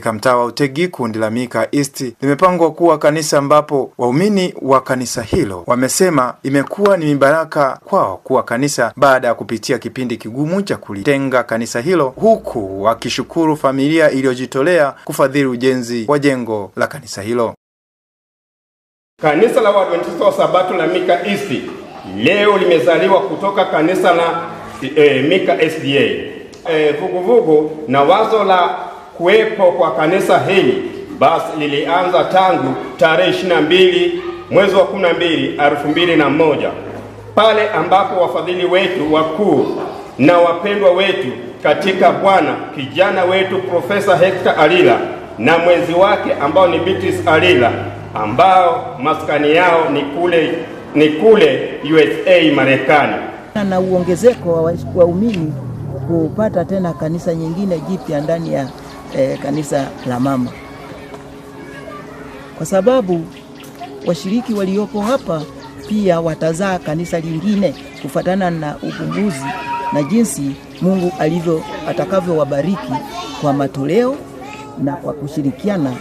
katika mtaa wa Utegi, kundi la Mika East limepangwa kuwa kanisa ambapo waumini wa kanisa hilo wamesema imekuwa ni mibaraka kwao kuwa kanisa baada ya kupitia kipindi kigumu cha kulitenga kanisa hilo, huku wakishukuru familia iliyojitolea kufadhili ujenzi wa jengo la kanisa hilo. Kanisa la Waadventista wa Sabato la Mika East leo limezaliwa kutoka kanisa la e, Mika SDA eh, vuguvugu e, vugu, na wazo la kuwepo kwa kanisa hili basi lilianza tangu tarehe 22 mwezi wa 12 2001 pale ambapo wafadhili wetu wakuu na wapendwa wetu katika Bwana kijana wetu Profesa Hector Alila na mwenzi wake ambao ni Beatrice Alila ambao maskani yao ni kule ni kule USA Marekani, na uongezeko wa waumini kupata tena kanisa nyingine jipya ndani ya e, kanisa la mama, kwa sababu washiriki waliopo hapa pia watazaa kanisa lingine kufatana na uvumbuzi na jinsi Mungu alivyo atakavyowabariki kwa matoleo na kwa kushirikiana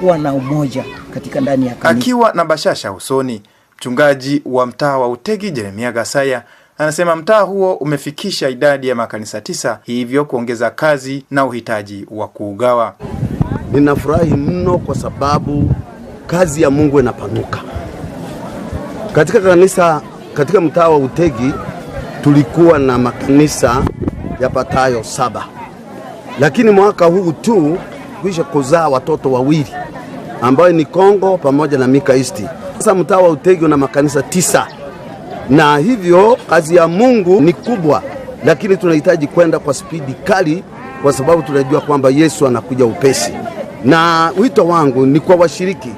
kuwa na umoja katika ndani ya kanisa. Akiwa na bashasha usoni, mchungaji wa mtaa wa Utegi Jeremia Gasaya Anasema mtaa huo umefikisha idadi ya makanisa tisa, hivyo kuongeza kazi na uhitaji wa kuugawa. Ninafurahi mno kwa sababu kazi ya Mungu inapanuka katika kanisa. Katika mtaa wa Utegi tulikuwa na makanisa yapatayo saba, lakini mwaka huu tu kuisha kuzaa watoto wawili ambayo ni Kongo pamoja na Mika Isti. Sasa mtaa wa Utegi una makanisa tisa na hivyo kazi ya Mungu ni kubwa, lakini tunahitaji kwenda kwa spidi kali, kwa sababu tunajua kwamba Yesu anakuja upesi. Na wito wangu ni kwa washiriki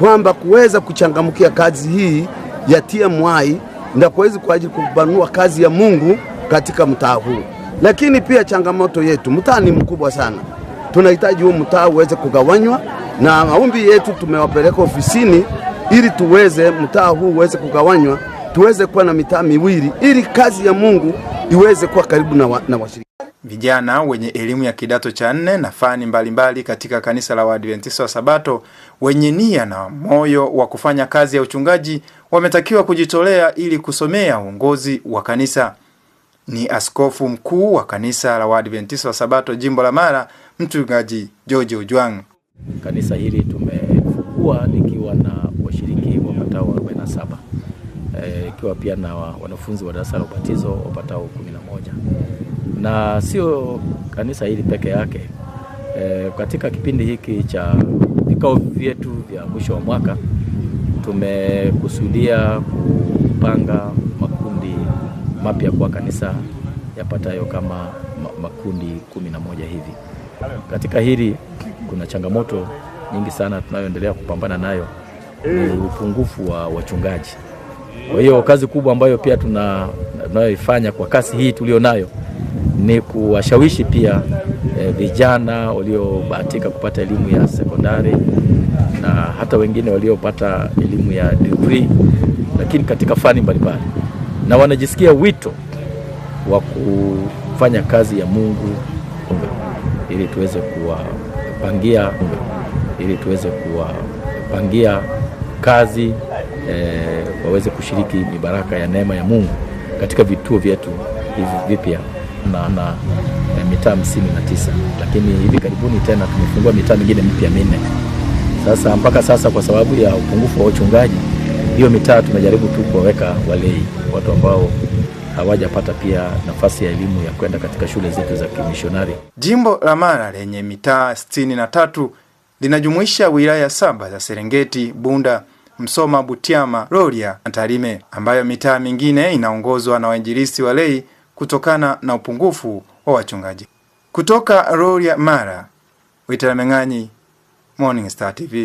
kwamba kuweza kuchangamkia kazi hii ya TMI na kuweza kwa ajili kupanua kazi ya Mungu katika mtaa huu. Lakini pia changamoto yetu, mtaa ni mkubwa sana, tunahitaji huu mtaa uweze kugawanywa, na maombi yetu tumewapeleka ofisini ili tuweze mtaa huu uweze kugawanywa tuweze kuwa na mitaa miwili ili kazi ya Mungu iweze kuwa karibu na, wa, na washiriki. Vijana wenye elimu ya kidato cha nne na fani mbalimbali katika kanisa la Waadventista wa Sabato wenye nia na moyo wa kufanya kazi ya uchungaji wametakiwa kujitolea ili kusomea uongozi wa kanisa. Ni askofu mkuu wa kanisa la Waadventista wa Sabato jimbo la Mara, mchungaji George Ujwang. Kanisa hili tumefukua ni tukiwa pia na wanafunzi wa darasa la ubatizo wapatao kumi na moja na sio kanisa hili peke yake. E, katika kipindi hiki cha vikao vyetu vya mwisho wa mwaka tumekusudia kupanga makundi mapya kwa kanisa yapatayo kama makundi kumi na moja hivi. Katika hili kuna changamoto nyingi sana tunayoendelea kupambana nayo ni upungufu wa wachungaji. Kwa hiyo kazi kubwa ambayo pia tunayoifanya kwa kasi hii tulionayo ni kuwashawishi pia e, vijana waliobahatika kupata elimu ya sekondari na hata wengine waliopata elimu ya degree, lakini katika fani mbalimbali, na wanajisikia wito wa kufanya kazi ya Mungu ili tuweze kuwapangia ili tuweze kuwapangia kazi e, waweze kushiriki baraka ya neema ya Mungu katika vituo vyetu hivi vipya na, na mitaa hamsini na tisa, lakini hivi karibuni tena tumefungua mitaa mingine mipya minne. Sasa mpaka sasa kwa sababu ya upungufu wa uchungaji, hiyo mitaa tunajaribu tu kuwaweka walei, watu ambao hawajapata pia nafasi ya elimu ya kwenda katika shule zetu za kimishonari. Jimbo la Mara lenye mitaa sitini na tatu linajumuisha wilaya saba za Serengeti, Bunda, Msoma, Butiama, Rorya na Tarime, ambayo mitaa mingine inaongozwa na wainjilisti walei kutokana na upungufu wa wachungaji. Kutoka Rorya Mara, Witalamenganyi, Morning Star TV.